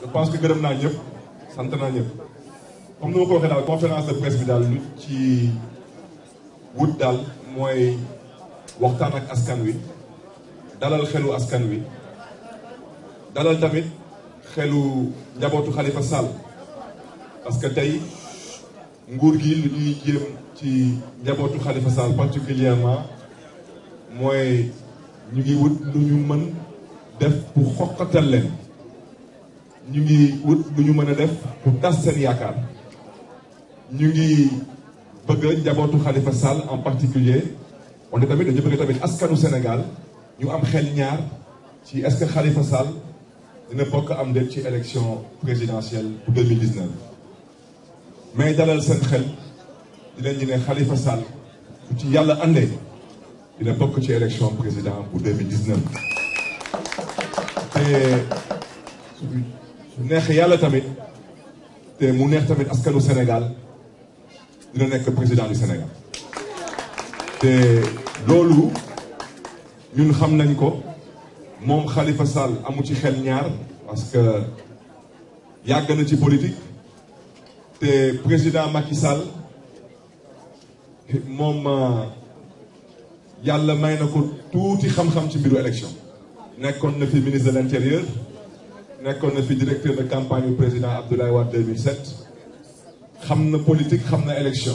je pense que gërëm naa ñëpp sant naa ñëpp comme ni ma ko waxee daal conférence de presse bi daal lu ci wut daal mooy waxtaan ak askan wi dalal xelu askan wi dalal tamit xelu njabootu Khalifa Sall parce que tey nguur gi lu ñuy ci njabootu Khalifa Sall particulièrement mooy ñu ngi wut lu ñu mën def pour xoqatal leen ñu ngi wut bu ñu mën a def pour tas seen yaakaar ñu ngi bëgg njabootu Khalifa Sall en particulier wante tamit dañu bëgg tamit askanu Sénégal ñu am xel ñaar ci est-ce que xalifa Sall dina bokk am déet ci élection présidentielle bu 2019 mais dalal seen xel dinañ ñu ne Khalifa Sall ci yàlla àndee dina bokk ci élection président bu 2019 te bu neex yàlla tamit te mu neex tamit askanu Sénégal na nekk président du Sénégal te loolu ñun xam nañ ko moom xalifa Sall amu ci xel ñaar parce que yàgg na ci politique te président Macky Sall moom yàlla may na ko tuuti xam-xam ci mbiru élection nekkoon na fi ministre de l'intérieur nekkoon na fi directeur de campagne yu président Abdoulaye bi 2007 xam na politique xam na élection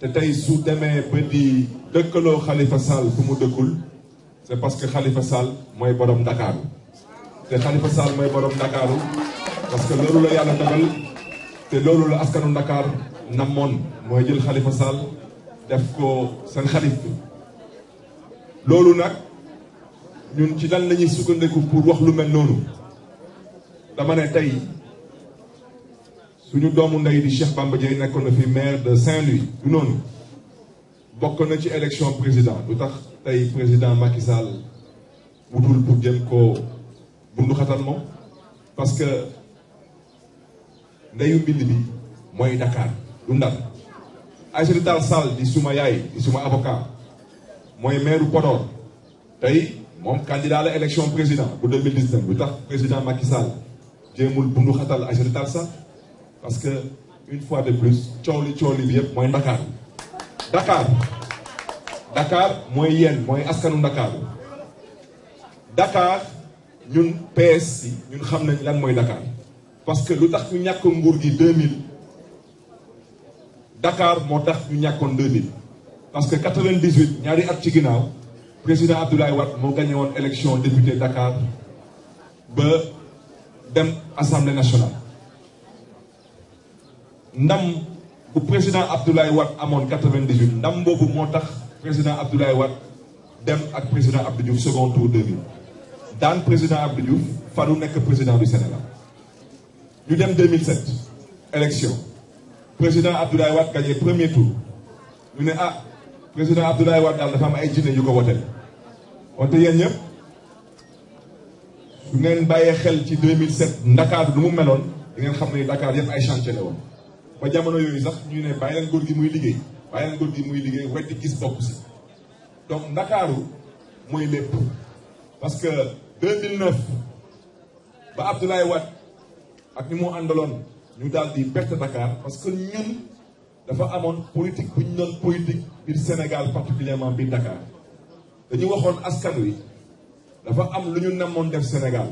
te tey su demee ba di dëkkaloo Khalifa Sall fu mu dëkkul c'est parce que Khalifa Sall mooy boroom Ndakaaru te Khalifa Sall mooy boroom Ndakaaru parce que loolu la yàlla dogal te loolu la askanu Ndakaar namoon mooy jël Khalifa Sall def ko seen xalif loolu nag ñun ci dal la ñuy sukkandiku pour wax lu mel noonu dama ne tey suñu doomu ndey di Cheikh Bamba nekkoon na fi maire de Saint-Louis du noonu bokk na ci élection président lu tax tey président Macky Sall wutul pour jëm koo bundu moom parce que ndeyu mbind bi mooy Dakar du Ndar Aïssata Tall Sall di suma yaay di suma avocat mooy maire Podor tey moom candidat la élection président bu 2019 lu tax président Macky jéemul bundu xatal Aïssata Tall Sall parce que une fois de plus coow li coow li bi yëpp mooy Ndakaar Dakar Dakar mooy yéen mooy askanu Ndakaar Dakar ñun PS si ñun xam nañ lan mooy Dakar parce que lu tax ñu ñàkk nguur gi 2000 dakaar moo tax ñu ñàkkoon 2000 parce que 98 ñaari at ci ginnaaw président Abdoulaye Wade moo gagné woon député Dakar ba. dem assemblée nationale ndam bu président Abdoulaye Wade amoon 98 ndam boobu moo tax président Abdoulaye Wade dem ak président Abdou Diouf second tour 2000 daan président Abdou Diouf faru nekk président du Sénégal ñu dem 2007 élection président Abdoulaye Wade gagné premier tour ñu ne ah président Abdoulaye Wade daal dafa am ay jinne yu ko woteel wante yéen ñëpp. bu ngeen bàyyee xel ci 2007 Ndakaar lu mu meloon da ngeen xam ne Dakar yëpp ay chantier ba jamono yooyu sax ñu ne bàyyi leen góor gi muy liggéey bàyyi gi muy liggéey gis bokk si donc Ndakaaru mooy lépp parce que 2009 ba Abdoulaye Wade ak ñu mu àndaloon ñu daal di perte Dakar parce que ñun dafa amoon politique bu ñu doon politique biir Sénégal particulièrement biir Dakar dañu waxoon askan wi dafa am lu ñu namoon def Sénégal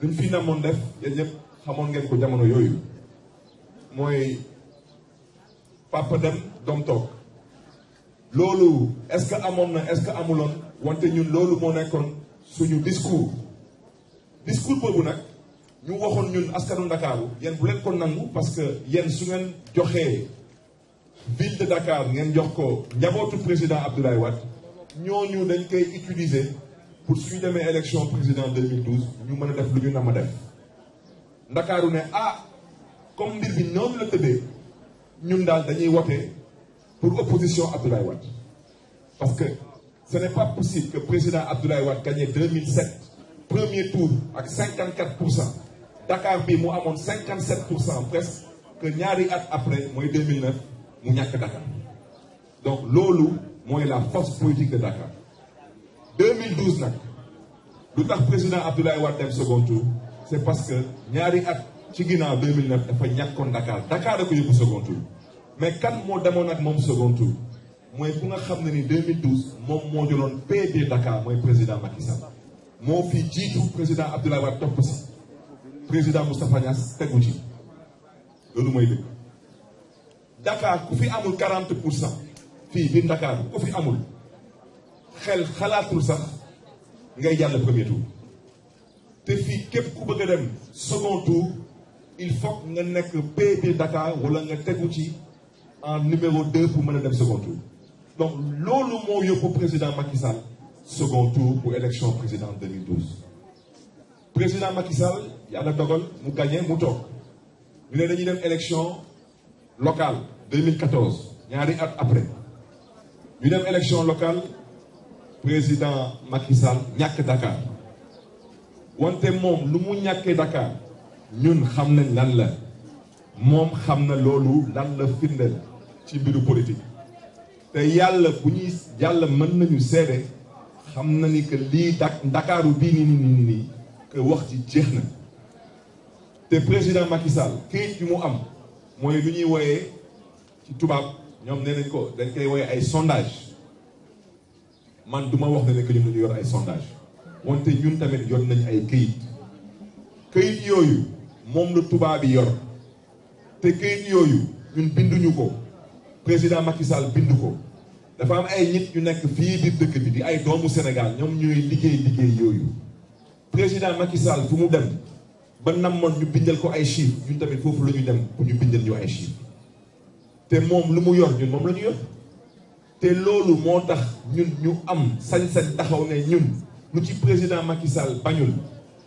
lu ñu fi namoon def yéen ñëpp xamoon ngeen ko jamono yooyu mooy papa dem doom toog loolu est-ce que amoon na est-ce que amuloon wante ñun loolu moo nekkoon suñu discours discours boobu nag ñu waxoon ñun askanu Ndakaaru yéen bu leen ko nangu parce que yéen su ngeen joxee ville de Dakar ngeen jox ko njabootu président Abdoulaye Wade ñooñu dañ koy utiliser pour suñu demee élection président 2012 ñu mën a def lu ñu nama def ndakaaru ne ah comme mbir bi noonu la tëddee ñun daal dañuy wote pour opposition Abdoulaye Wade parce que ce n'est pas possible que président Abdoulaye Wade gagné 2007 premier tour ak 54 pour cent Dakar bi mu amoon 57 pour cent presque que ñaari at après mooy 2009 mu ñàkk Dakar donc loolu mooy la force politique de Dakar 2012 nag lu tax président Abdoulaye Wade dem second tour c' est parce que ñaari at ci ginnaaw 2009 dafa ñàkkoon Dakar dakaar da ko yóbbu second tour mais kan moo demoon ak moom second tour mooy ku nga xam ne ni 2012 moom moo jëloon PD Dakar mooy président Macky Sall moo fii jiitu président Abdoulaye Wade topp si président Moustapha Niass tegu ci loolu mooy dëgg Dakar ku fi amul 40 pour cent fii biir ndakaar ku fi amul. xel xalaatul sax ngay jàll premier tour te fii képp ku bëgg dem second tour il faut nga nekk PB Dakar wala nga tegu ci en numéro 2 pour mën a dem second tour donc loolu moo yóbbu président Macky Sall second tour pour élection président président Macky Sall yàlla dogal mu gagné mu toog ñu ne dañuy dem élection locale ñaari at après ñu dem élection locale. président makisal ñàkk Dakar wante moom lu mu ñàkkee Dakar ñun xam nañ lan la moom xam na loolu lan la firndeel ci biiru politique te yàlla bu ñuy yàlla mën nañu seede xam na ni que lii dak ndakaaru bii nii nii nii nii wax ci jeex na te président makisal Sall këyit bi mu am mooy li ñuy wooyee ci tubaab ñoom ne nañ ko dañ koy wooyee ay sondage man du ma wax ne ne que ñun dañu yor ay sondage wante ñun tamit yor nañu ay këyit këyit yooyu moom la tubaab yi yor te këyit yooyu ñun binduñu ko président Macky bindu ko dafa am ay nit ñu nekk fii biir dëkk bi di ay doomu Sénégal ñoom ñuy liggéey liggéey yooyu président Macky Sall fu mu dem ba namoon ñu bindal ko ay chiffres ñun tamit foofu la ñu dem pour ñu bindal ñu ay chiffres te moom lu mu yor ñun moom lañu ñu yor. te loolu moo tax ñun ñu am sañ-sañ taxaw ne ñun lu ci président Macky Sall bañul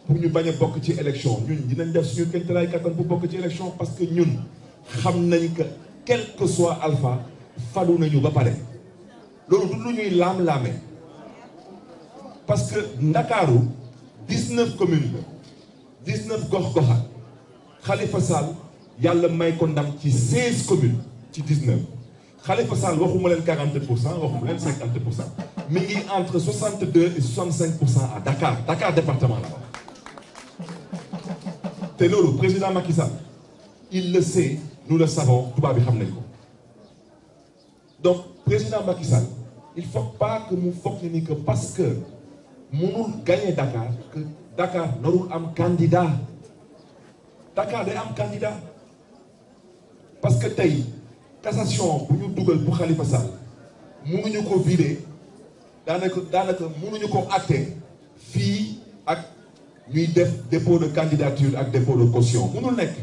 pour ñu bañ a bokk ci élection ñun dinañ def suñu kéemtalaay kattan bu bokk ci élection parce que ñun xam nañ que quel que soit alpha falu nañu ba pare loolu du lu ñuy laam-laame parce que ndakaaru 19 communes la 19 gox-goxat xalifa Sall yàlla may ko ndam ci 16 communes ci 19. Khalifa Sall waxuma leen 40 pour cent waxuma leen 50 pour cent mi ngi entre et cent à Dakar Dakar département la te loolu président Macky Sall il le sait nous le savons tubaab bi xam nañ ko donc président Macky il faut pas que mu foog ni que parce que mënul gagner Dakar que Dakar narul am candidat Dakar day am candidat parce que tey. cassation bu ñu dugal bu Khalifa Sall mënuñu ko vider daanaka daanaka mënuñu ko acté fii ak ñuy def dépôt de candidature ak dépôt de caution mënul nekk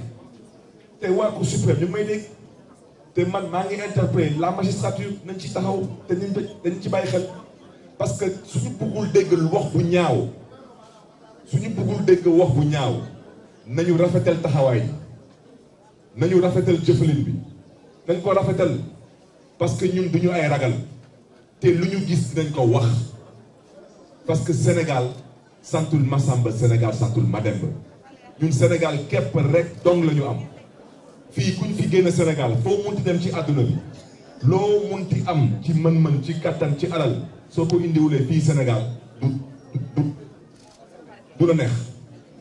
te waa Cour suprême ñu may dégg te man maa ngi interpellé la magistrature nañ ci taxaw te nañ dañ ci bàyyi xel parce que suñu bëggul dégg wax bu ñaaw suñu bëggul dégg wax bu ñaaw nañu rafetal taxawaay nañu rafetal jëfalin bi dañ ko rafetal parce que ñun duñu ay ragal te lu ñu gis nañ ko wax parce que Sénégal santul Masamba Sénégal santul Mademba ñun Sénégal képp rek dong lañu am fii kuñ fi génn Sénégal foo munti dem ci àdduna bi loo munti am ci mën-mën ci kattan ci alal soo ko indiwulee fii Sénégal du du du la neex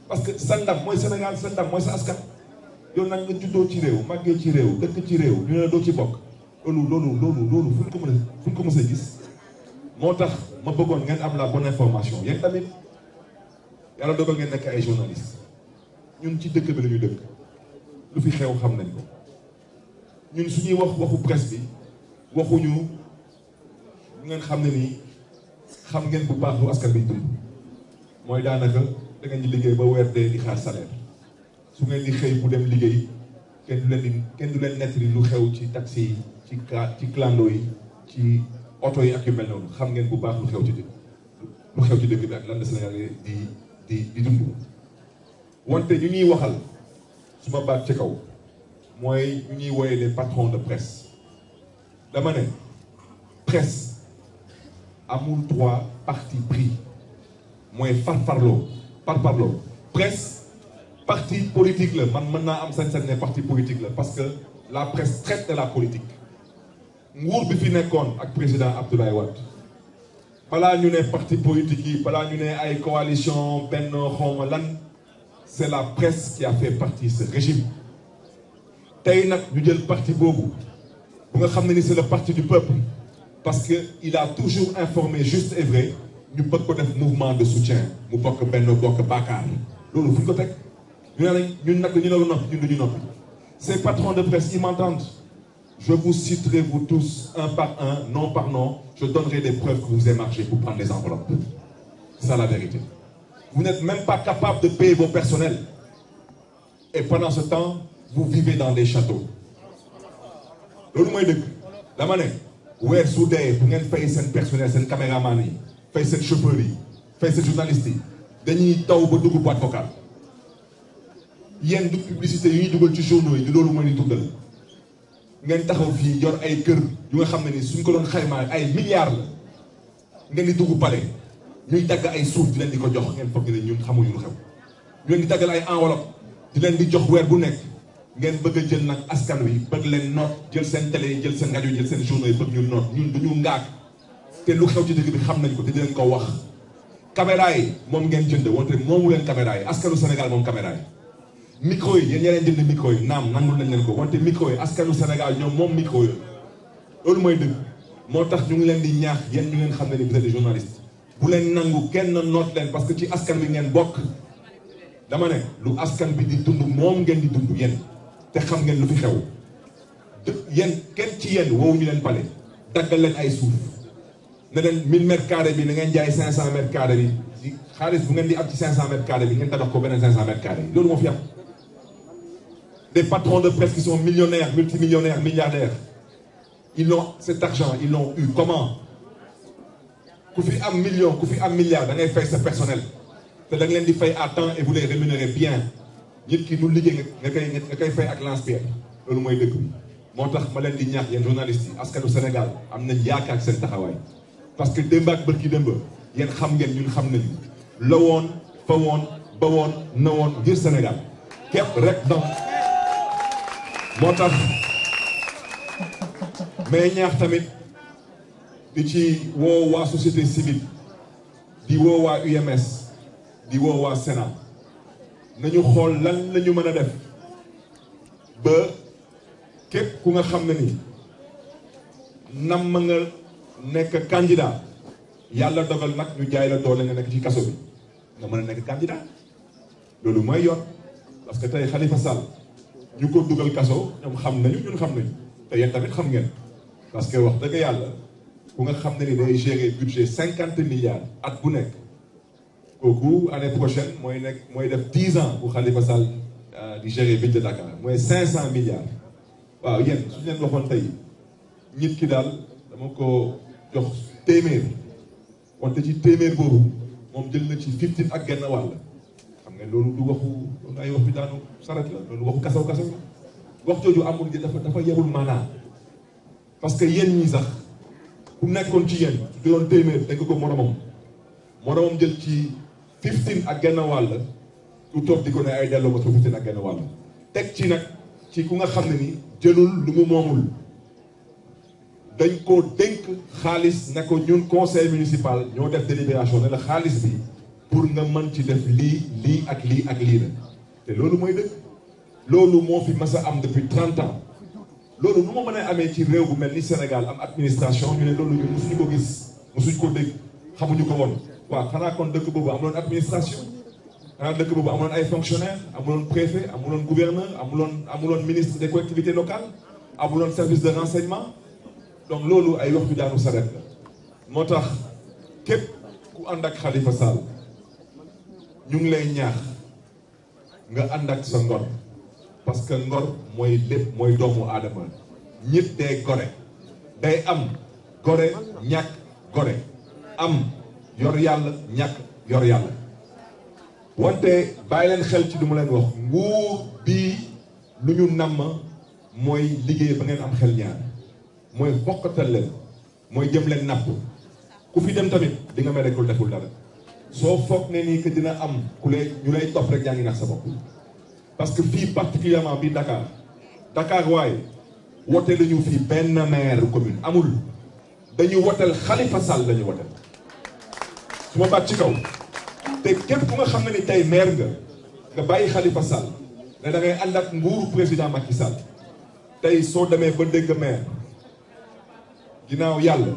parce que sa mooy Sénégal sa ndam mooy sa askan. yow nag nga juddoo ci réew màggee ci réew dëkk ci réew ñu ne doo ci bokk loolu loolu loolu loolu fu ñu ko mën a gis moo tax ma bëggoon ngeen am la bonne information yéen tamit yàlla dogal ngeen nekk ay journaliste ñun ci dëkk bi la ñu dëkk lu fi xew xam nañ ko ñun suñuy wax waxu presse bi waxuñu ñu ngeen xam ne nii xam ngeen bu baax lu askan bi dund mooy daanaka da ngeen liggéey ba weer dee di xaar salaire su ngeen di xëy bu dem liggéey kenn du leen di kenn du leen lu xew ci taxi yi ci ci clando yi ci oto yi ak yu mel noonu xam ngeen bu baax lu xew ci dëkk lu xew ci dëkk bi ak lan la Sénégal di di di dund. wante ñu ñuy waxal su ma baat ci kaw mooy ñu ñuy woyee les patrons de presse dama ne presse amul droit parti pris mooy farfarloo farfarloo presse. parti politique la man mën naa am sañ-sañ ne parti politique la parce que la presse traite de la politique nguur bi fi nekkoon ak président Abdoulaye Wade balaa ñu ne parti politique yi balaa ñu ne ay coalition benn xawma lan c'est la presse qui a fait partie ce régime tey nag ñu jël parti boobu bu nga xam ne ni c'est le parti du peuple parce que il a toujours informé juste et vrai ñu bëgg ko def mouvement de soutien mu bokk benn bokk baakaar loolu fu ñu ñu ne ñun nag dañu doon noppi ñun de presse ils je vous citerai vous tous un par un nom par nom je donnerai des preuves que vous avez marché pour prendre les enveloppes c'est ça la vérité vous n'êtes même pas capable de payer vos personnels et pendant ce temps vous vivez dans des châteaux loolu mooy dëgg dama ne weer su dee bu ngeen fay seen personnel seen caméraman yi fay seen chauffeurs yi fay seen journalistes yi dañuy taw ba dugg boîte vocale yéen du publicité yi ñuy dugal ci journaux yi du loolu mooy ni dundal ngeen taxaw fii jot ay kër yu nga xam ne ni suñ ko doon xaymaa ay milliards la ngeen di dugg palais ñuy dagg ay suuf di leen di ko jox ngeen foog ne ñun xamuñu lu xew ñu leen di daggal ay enveloppe di leen di jox weer bu nekk ngeen bëgg jël nag askan wi bëgg leen noot jël seen télé yi jël seen rajo jël seen journaux yi bëgg ñu noot ñun duñu ngaak te lu xew ci dëgg bi xam nañ ko di leen ko wax caméra yi moom ngeen jënd wante moomu leen caméra yi askanu Sénégal moom caméra micro yi yéen ña leen jënd micro yi naam nangul nañ leen ko wante micro yi askanu Sénégal ñoom moom micro yi loolu mooy dëgg moo tax ñu ngi leen di ñaax yéen ñu ngeen xam ne ni vous êtes des bu leen nangu kenn noot leen parce que ci askan bi ngeen bokk dama ne lu askan bi di dund moom ngeen di dund yéen te xam ngeen lu fi xew dë yéen kenn ci yéen woowu ñu leen pale daggal leen ay suuf ne leen 1000 mètres carrés bi na jaay 500 mètres carrés bi bi des patrons de presse qui sont millionnaires, multimillionnaires, milliardaires. Ils ont cet argent, ils l'ont eu. Comment Vous faites un million, vous faites un milliard, vous faites ce personnel. Vous les faites à temps et vous les rémunérez bien. Vous qui nous liguez, vous faites avec l'inspire. C'est ce que moo tax ma leen di ñaax yéen journalistes yi askanu Sénégal am nañ yaakaar ak seen taxawaay parce que démb ak bërki démb yéen xam ngeen ñun xam nañu la woon fa woon ba woon na woon rek donc moo tax mais ñaax tamit di ci woo waa société civile di woo waa UMS di woo waa Sénat nañu xool lan lañu mën a def ba képp ku nga xam ne ni nam nga nekk candidat yàlla dogal nag ñu jaay la doole nga nekk ci kaso bi nga mën a nekk candidat loolu mooy yoon parce que tey Khalifa Sall ñu ko dugal kaso ñoom xam nañu ñun xam nañu te yéen tamit xam ngeen parce que wax dëgg yàlla ku nga xam ne ni day gérer budget cinquante milliards at bu nekk kooku année prochaine mooy nekk mooy def dix ans bu Khalifa Sall euh, di gérer ville de Dakar mooy cinq cent milliards waaw yéen suñu leen waxoon tey nit ki daal dama ko jox téeméer wante ci téeméer boobu moom jël na ci fifteen ak genn wàll mais loolu du waxu ay wax bi daanu saret la loolu waxu kasaw kasaw la wax jooju amul ji dafa dafa yarul maanaa parce que yéen ñii sax ku nekkoon ci yéen di doon téeméer dégg ko moromam moromam jël ci fifteen ak genn wàll ku di ko ne ay delloo ma sa teg ci nag ci ku nga xam ne ni jëlul lu mu moomul dañ ko dénk xaalis ne ko ñun conseil municipal ñoo def délibération ne la xaalis bi pour nga man ci def lii lii ak lii ak lii la te loolu mooy dëkk loolu moo fi mas am depuis trente ans loolu nu ma mën a amee ci réew bu mel ni Sénégal am administration ñu ne loolu ñu suñu ko gis musuñu ko dégg xamuñu ko woon waaw xanaa kon dëkk boobu amuloon administration xanaa dëkk boobu amuloon ay fonctionnaire amuloon préfet amuloon gouverneur amuloon amuloon ministre des collectivités locales amuloon service de renseignement donc loolu ay wax bi daanu saret moo tax képp ku ànd ak ñu ngi lay ñaax nga ànd ak sa ngor parce que ngor mooy lépp mooy doomu aadama ñit day gore day am gore ñàkk gore am yor yàlla ñàkk yor yàlla wante bàyyi leen xel ci du leen wax nguur bii lu ñu namm mooy liggéey ba ngeen am xel ñaar mooy bokkatal leen mooy jëm leen napp ku fi dem tamit di nga mel ne deful dara soo foog ne nii que dina am ku lay ñu lay topp rek yaa ngi nax sa bopp parce que fii particulièrement bi Dakar Dakar waaye wote la ñu fii benn maire commune amul dañu wotel Khalifa Sall la ñu su ma baat ci kaw te képp ku nga xam ne ni tey maire nga nga bàyyi Khalifa Sall ne da ngay ànd ak nguuru président Macky tey soo demee ba dégg maire ginnaaw yàlla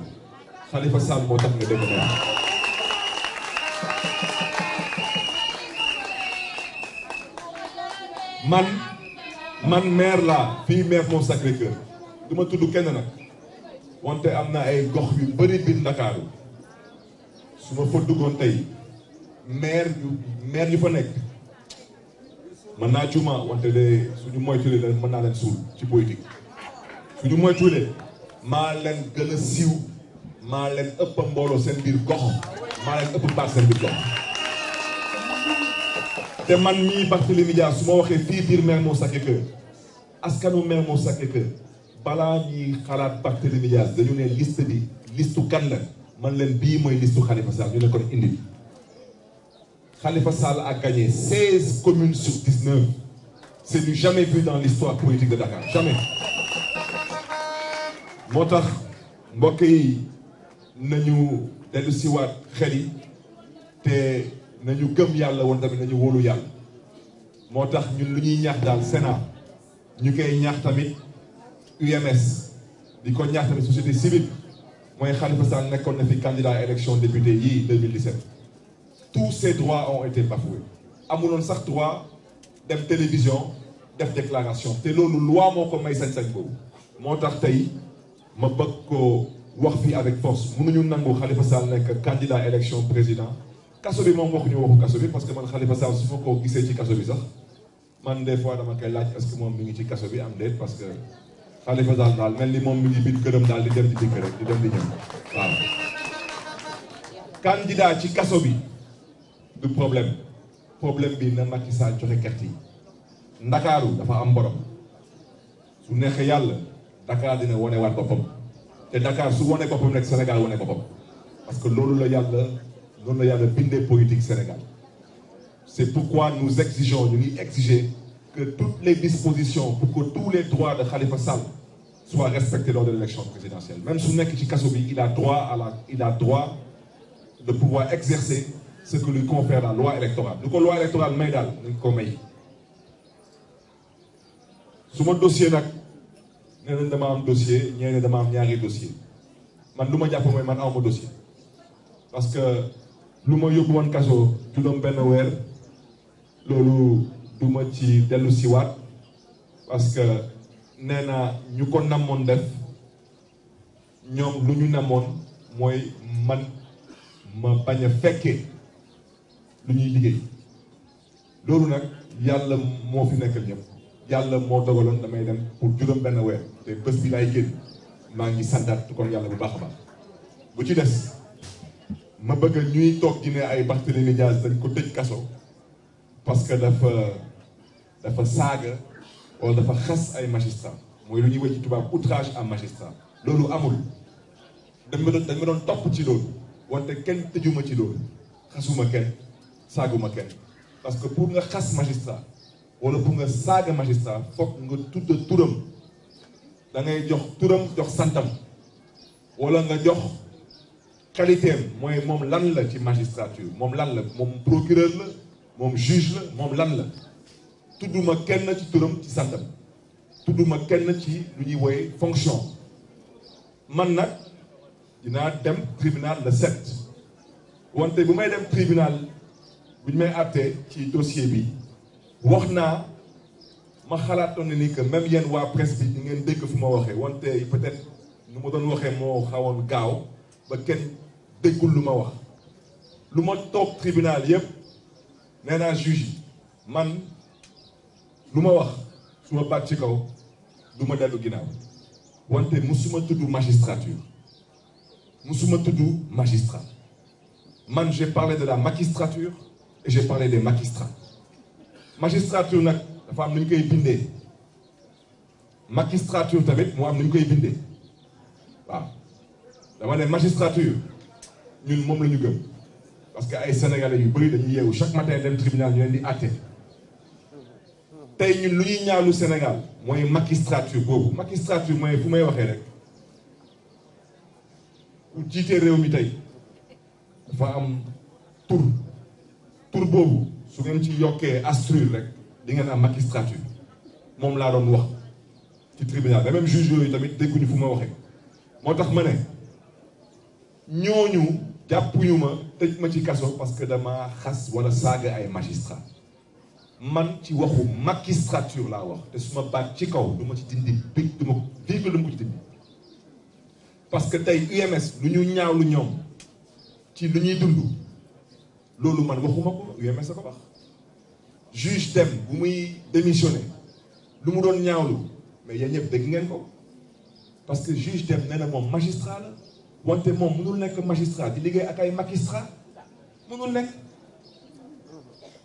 Khalifa Sall moo tax nga dem maire man man maire laa fii maire moom Sacré-Cœur tudd kenn nag wante am na ay gox yu bëri biir Ndakaaru su ma fa duggoon tey maire yu maire yu fa nekk man naa juuma wante de suñu moytuwulee leen mën naa leen suul ci politique suñu moytuwulee maa leen gën a siiw maa leen ëpp mbooloo seen biir gox maa leen ëpp baat seen biir gox te man mii Barthélémy Dias su ma waxee fii biir moo Sacré-Cœur askanu Mermoz Sacré-Cœur balaa ñuy xalaat Barthélémy Dias dañu ne liste bi listu kan la man leen bii mooy listu Khalifa Sall ñu ne kon indi Khalifa Sall a gagné 16 communes sur 19 c'est du jamais vu dans l'histoire politique de Dakar jamais moo tax mbokk yi nañu dellu siwaat xel yi te nañu gëm yàlla woon tamit nañu woolu yàlla moo tax ñun lu ñuy ñaax daal Sénat ñu koy ñaax tamit UMS di ko ñaax tamit société civile mooy Khalifa Sall nekkoon na fi candidat à élection député yii 2017 tous ces droits ont été bafoués amuloon sax droit def télévision def déclaration te loolu loi moo ko may sañ-sañ boobu moo tax tey ma bëgg ko wax fii avec force mënuñu nangu Khalifa Sall nekk candidat élection président kaso bi moom waxuñu waxu kaso bi parce que man Khalifa Sall su ma ko gisee ci kaso bi sax man des fois dama koy laaj est moom mi ngi ci kaso bi am déet parce que Khalifa daal mel ni moom mi ngi biir këram daal di dem di dikk rek di dem di ñëw waaw. candidat ci kaso bi du problème problème bi na Macky Sall joxe carte yi Ndakaaru dafa am borom su neexee yàlla Dakar dina wane waat boppam te Dakar su wane boppam rek Sénégal wane boppam parce que loolu noonu la yàlla bindee politique Sénégal c'est pourquoi nous exigeons ñu ngi exiger que toutes les dispositions pour que tous les droits de Khalifa Sall soient respectés lors de l'élection présidentielle même su nekk ci kaso bi il a droit à la il a droit de pouvoir exercer ce que lui confère la loi électorale lu ko loi électorale may daal nañ ko may su ma dossier nag nee nañ dama am dossier ne dama am ñaari dossier man lu ma jàpp mooy man dossier parce lu ma yóbbu woon kaso juróom benn weer loolu du ma ci dellu siwaat parce que nee na ñu ko namoon def ñoom lu ñu namoon mooy man ma bañ fekkee lu ñuy liggéey loolu nag yàlla moo fi nekkal ñëpp yàlla moo dogaloon damay dem pour juróom benn weer te bés bi laay génn maa ngi santaat kon yàlla bu baax a baax bu ci des ma bëgg ñuy toog di ne ay Barthélémy Dias dañ ko tëj kaso parce que dafa dafa saaga wala dafa xas ay magistrat mooy lu ñuy wax tubaab outrage à magistrat loolu amul dañ ma doon topp ci loolu wante kenn tëjuma ci loolu xasuma kenn saaguma kenn parce que pour nga xas magistrat wala pour nga saaga magistrat foog nga tudd turam da ngay jox turam jox santam wala nga jox qualité am mooy moom lan la ci magistrature moom lan la moom procureur la moom juge la moom lan la tudduma kenn ci turam ci santam tudduma kenn ci lu ñuy wooye fonction man nag dinaa dem tribunal le sept wante bu may dem tribunal bi ñu may àttee ci dossier bi wax naa ma xalaatoon ne ni que même yéen waa presse bi ñu ngeen dégg fu ma waxee wante peut-être nu ma doon waxee moo xawoon gaaw ba kenn déggul lu ma wax lu ma toog tribunal yëpp nee naa man lu ma wax su ma baat ci kaw du ma dellu ginnaaw wante musuma tudd magistrature musuma tudd magistrat man j'ai parlé de la magistrature et j'ai parlé des magistrats magistrature nag dafa am ni ñu koy bindee magistrature tamit moo am ni koy binde waaw dama ne magistrature ñun moom la ñu gëm parce que ay sénégalais yu bëri dañuy yeewu chaque matin dem tribunal ñu ni di tey ñun lu ñuy ñaalu Sénégal mooy magistrature boobu magistrature mooy fu may waxee rek ku jiitee réew mi tey dafa am tur tur boobu su ngeen ci yokkee astrure rek di ngeen naa magistrature moom laa doon wax ci tribunal même juge yooyu tamit dégguñu fu ma waxee moo tax ma ne ñooñu ñu ma tëj ma ci kaso parce que dama xas wala saaga ay magistrat man ci waxu magistrature laa wax te su ma baat ci kaw du ma ci dindi bi du ma virgule du ma ko ci dindi parce que tey UMS lu ñu ñaaw lu ñoom ci lu ñuy dund loolu man waxuma ko UMS a ko wax juge dem bu muy démissionné lu mu doon ñaawlu mais yéen ñëpp dégg ngeen ko parce que juge dem nee na moom magistrat la wante moom mënul nekk magistrat di liggéey ak ay magistrat mënul nekk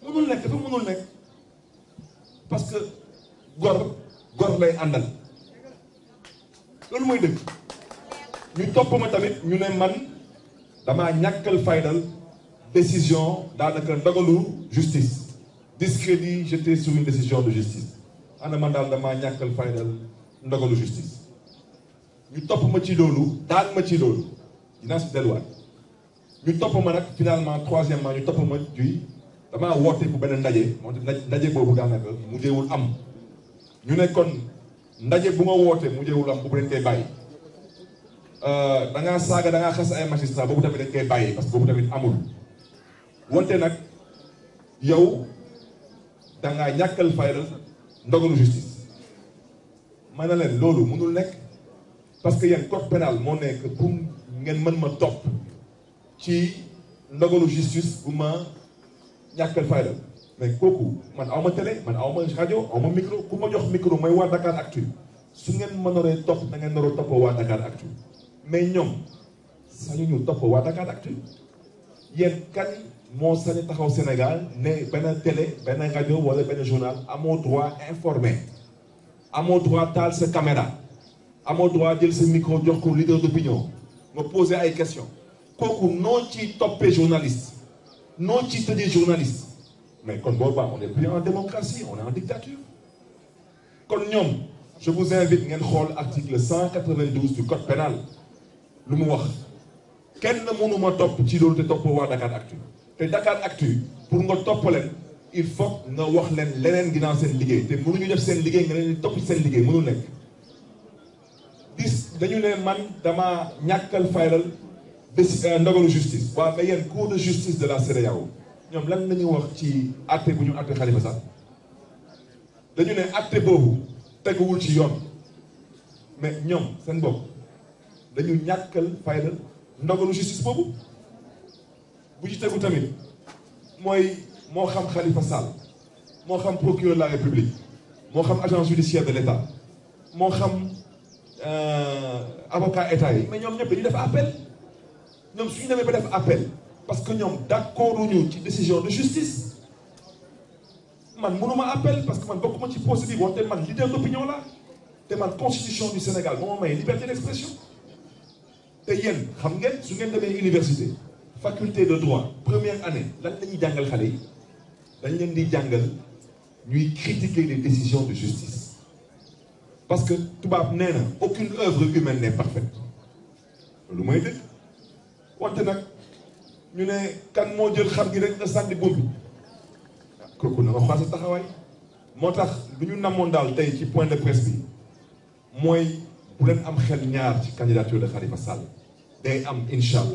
mënul nekk dafa mënul nekk parce que gor gor lay àndal loolu mooy dëgg ñu topp ma tamit ñu ne man damaa ñàkkal faydal décision daanaka ndogalu justice discrédit jeté sur une décision de justice ana man daal damaa ñàkkal faydal ndogalu justice ñu topp ma ci loolu daan ma ci loolu dinaa si delluwaat ñu topp ma nag finalement troisièmement ñu topp ma juy damaa woote bu benn ndaje moo tax ndaje boobu daanaka mu jéewul am ñu nekkoon ndaje bu ma woote mu jéewul am bu leen koy bàyyi euh, da ngaa saaga da ngaa xas ay magistrat boobu tamit dañ koy bàyyi parce que boobu tamit amul wante nag yow da ngaa ñàkkal fayal ndogalu justice ma ne leen loolu mënul nekk parce que yéen code pénal moo nekk pour ngeen mën ma topp ci ndogalu justice bu ma ñàkkal fayda mais kooku man awma télé man awma rajo awma micro ku ma jox micro mooy waa Dakar Actu su ngeen ma noree topp na ngeen noroo topp waa Dakar Actu mais ñoom sañu ñu topp waa Dakar Actu yéen kan moo sañ taxaw Sénégal ne benn télé benn rajo wala benn journal amoo droit informé amoo droit taal sa caméra amoo droit jël sa micro jox ko leader d'opinion nga poser ay question kooku noo ci toppee journaliste noo ci tëjee journaliste mais kon boobaa on est plus en démocratie on est en dictature kon ñoom je vous invite ngeen xool article 192 du code pénal lu mu wax kenn mënuma topp ci loolu te topp waa Dakar Actu te Dakar Actu pour nga topp leen il faut nga wax leen leneen ginnaaw seen liggéey te mënuñu def seen liggéey nga leen topp seen liggéey mënul nekk dañu ne man dama ñàkkal fayral bés euh, ndogalu justice waa mais yéen cour de justice de la CEDEAO ñoom lan la ñuy wax ci atte bu ñu atte Khalifa Sall dañu ne atte boobu teguwul ci yoon mais ñoom seen bopp dañu ñàkkal fayral ndogalu justice boobu bu ñu tegu tamit mooy moo xam Khalifa Sall moo xam procureur la République moo xam agent judiciaire de l'État moo xam Euh, avocat état yi mais ñoom ñëpp dañuy def appel ñoom suñu demee ba def appel parce que ñoom d'accord ñu ci décision de justice man mënuma appel parce que man bokkuma ci procès bi wante man leader d'opinion la te man constitution du Sénégal moo ma may liberté d'expression te yéen xam ngeen su ngeen demee université faculté de droit première année lan la ñuy jàngal xale yi dañ leen di jàngal ñuy critiquer les décisions de justice parce que tubaab nee na aucune œuvre humaine n'est parfaite loolu mooy dëgg wante nag ñu ne kan moo jël xar gi rek a sànni buum bi kooku na nga xool sa taxawaay moo tax lu ñu namoon daal tey ci point de presse bi mooy bu leen am xel ñaar ci candidature de Khalifa Sall day am incha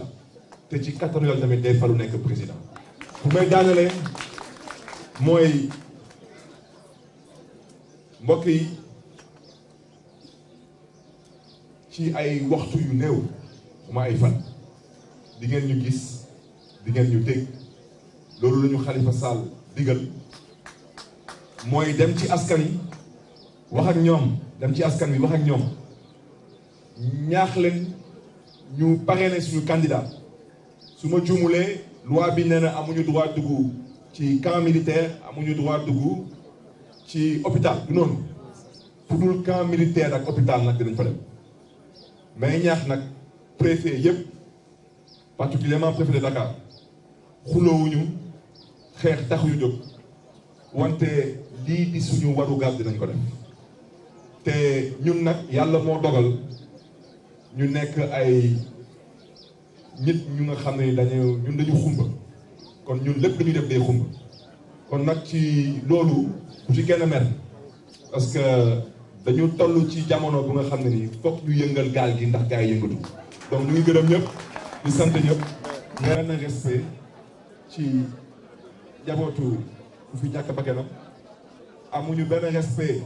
te ci kattanu Yàlla tamit day falu nekk président bu may daanelee mooy mbokk yi ci ay waxtu yu néew xuma ay fan di ngeen ñu gis di ngeen ñu dégg loolu la ñu Khalifa diggal digal mooy dem ci askan yi wax ak ñoom dem ci askan wi wax ak ñoom ñaax leen ñu parrainé suñu candidat su ma juumulee loi bi nee na amuñu droit dugg ci camp militaire amuñu droit dugg ci hôpital du noonu fu dul camp militaire ak hôpital nag dinañ fa dem may ñaax nag préfet yëpp particulièrement préfet de Dakar xuloowuñu xeex taxuñu jóg wante lii di suñu waru gaal dinañ ko def te ñun nag yàlla moo dogal ñu nekk ay nit ñu nga xam ne dañu ñun dañu xumba kon ñun lépp dañuy def day xumba kon nag ci loolu bu ci kenn mer parce dañu toll ci jamono bu nga xam ne nii foog ñu yëngal gaal gi ndax gars yi yëngatu donc ñu ngi gërëm ñëpp di sant ñëpp nee na respect ci jabootu bu fi ñàkk bakkanam amuñu benn respect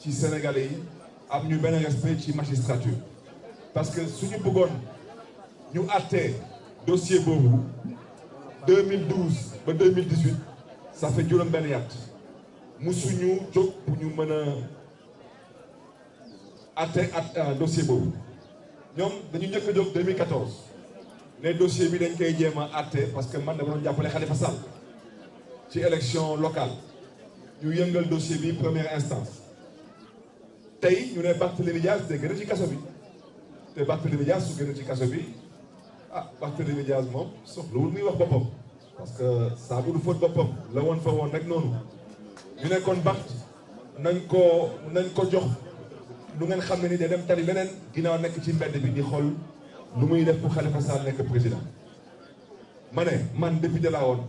ci sénégalais yi am ñu benn respect ci magistrature parce que suñu bëggoon ñu àttee dossier boobu 2012 ba 2018 ça fait juróom benn yàtt musuñu jóg bu ñu mën a atte ak euh, dossier boobu ñoom dañu njëkk a jóg 2014 ne dossier bi dañ koy jéem a atte parce que man dama doon jàppale Khalifa Sall ci élection locale ñu yëngal dossier bi première instance tey ñu ne Barthélémy Dias de gën a ci kaso bi te Barthélémy Dias gën a ci kaso bi ah Barthélémy Dias moom soxlawul muy wax boppam parce que saabu du fóot boppam la woon fa woon rek noonu ñu ne kon Bart nañ ko nañ ko jox du ngeen xam ne ni da dem tari leneen ginnaaw nekk ci mbedd bi di xool lu muy def pour Khalifa Sall nekk président ma ne man député laa woon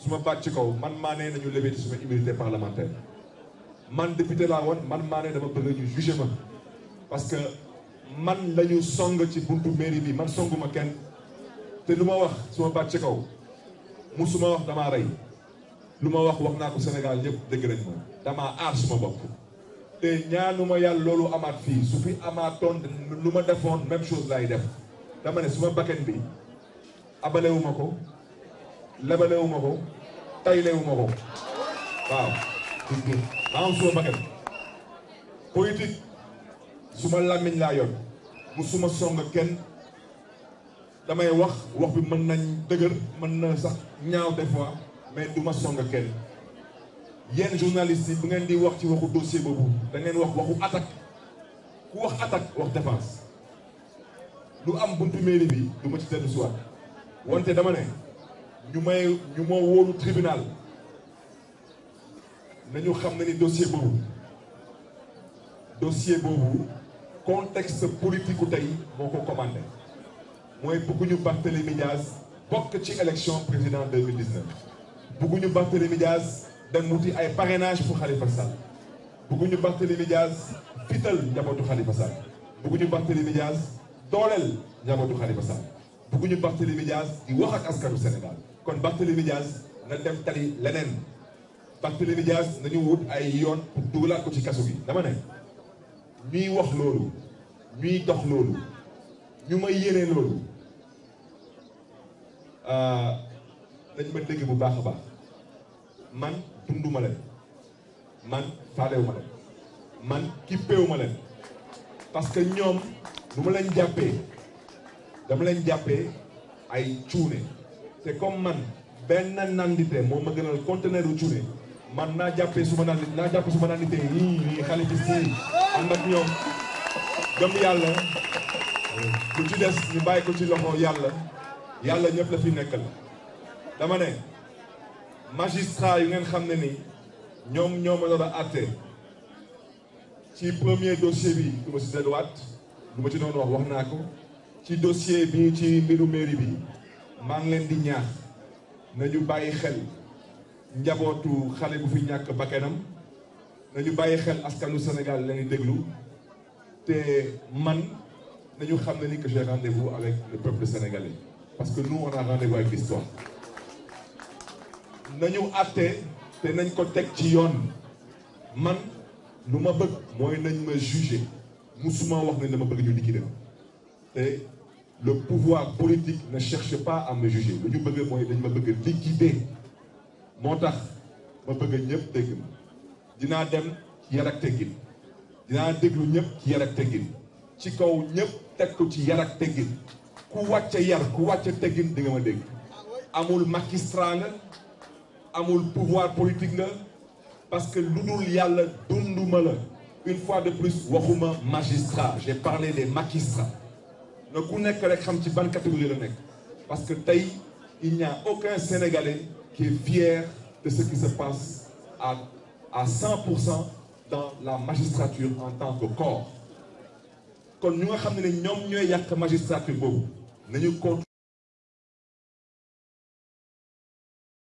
su ma baat ci kaw man maa ne nañu lever di suma immunité parlementaire man député laa woon man maa ne dama bëgg ñu jugé ma parce que man la ñu song ci buntu mairie bi man songuma kenn te lu ma wax suma ma ci kaw mu su ma wax damaa rey lu ma wax wax naa ko Sénégal yëpp dégg ma damaa aar suma bopp te ma yàlla loolu amaat fii su fi amaatoon lu ma defoon même chose laay def dama ne suma bakkan bi abalewuma ko lebalewuma ko taylewuma ko waaw dugub maa am suma bakkan politique suma làmmiñ laa yoon mu suma songa kenn damay wax wax bi mën nañ dëgër mën na sax ñaaw des fois mais du ma song kenn yenn journalistes yi bu ngeen di wax ci waxu dossier boobu da ngeen wax waxu attaque ku wax attaque wax défense lu am buntu mairie bi du ma ci seetlu si wante dama ne ñu may ñu moo wóolu tribunal nañu xam ne ni dossier boobu dossier boobu contexte politique u tey moo ko commandé mooy bëgguñu Barthélémy Dias bokk ci élection président 2019 bëgguñu dem wuti ay parrainage pour Khalifa Sall bëgguñu Barthélémy Dias fital njabootu Khalifa Sall bëgguñu Barthélémy Dias dooleel njabootu Khalifa Sall bëgguñu Barthélémy Dias di wax ak askanu Sénégal kon Barthélémy Dias na dem tali leneen Barthélémy Dias nañu wut ay yoon pour dugalaat ko ci kaso bi dama ne ñuy wax loolu ñuy dox loolu ñu may yéene loolu ah, nañ ma dégg bu baax a baax man dunduma leen man faalewuma leen man kippeewuma leen parce que ñoom nu ma leen jàppee dama leen jàppee ay cuune te comme man benn nandite moo ma gënal conteneur u cuune man naa jàppe suma nandi naa jàpp suma nandite nii nii xale bi si ànd ak ñoom gëm yàlla ku ci des ñu bàyyi ko ci loxo yàlla yàlla ñëpp la fi nekk dama ne magistrat yu ngeen xam ne ni ñoom ñoo ma doon àtte ci premier dossier bi du ma si delluwaat lu ma ci doon wax wax naa ci dossier bi ci mbiru mairie bi maa ngi leen di ñaax nañu bàyyi xel njabootu xale bu fi ñàkk bakkanam nañu bàyyi xel askanu Sénégal lañu déglu te man nañu xam ne ni que j'ai rendez-vous avec le peuple sénégalais parce que nous on a rendez-vous avec l'histoire nañu àtte te nañ ko teg ci yoon man lu ma bëgg mooy nañ ma juger suma wax ne dama bëgg ñu liquider ma te le pouvoir politique ne cherche pas à me juger ñu bëgg mooy dañ ma bëgg liquider moo tax ma bëgg ñëpp dégg dinaa dem ci yar ak teggin dinaa déglu ñëpp ci yar teggin ci kaw ñëpp teg ko ci yar ak teggin ku wàcce yar ku wàcce teggin di nga ma dégg amul magistrat amul pouvoir politique nga parce que lu dul yàlla dunduma la une fois de plus waxuma magistrat j'ai parlé des magistrats na ku nekk rek xam ci ban catégorie la nekk parce que tey il n'y a aucun Sénégalais qui est fier de ce qui se passe à à 100% dans la magistrature en tant que corps kon ñu a xam ne ne ñoom ñooy yàq magistrature boobu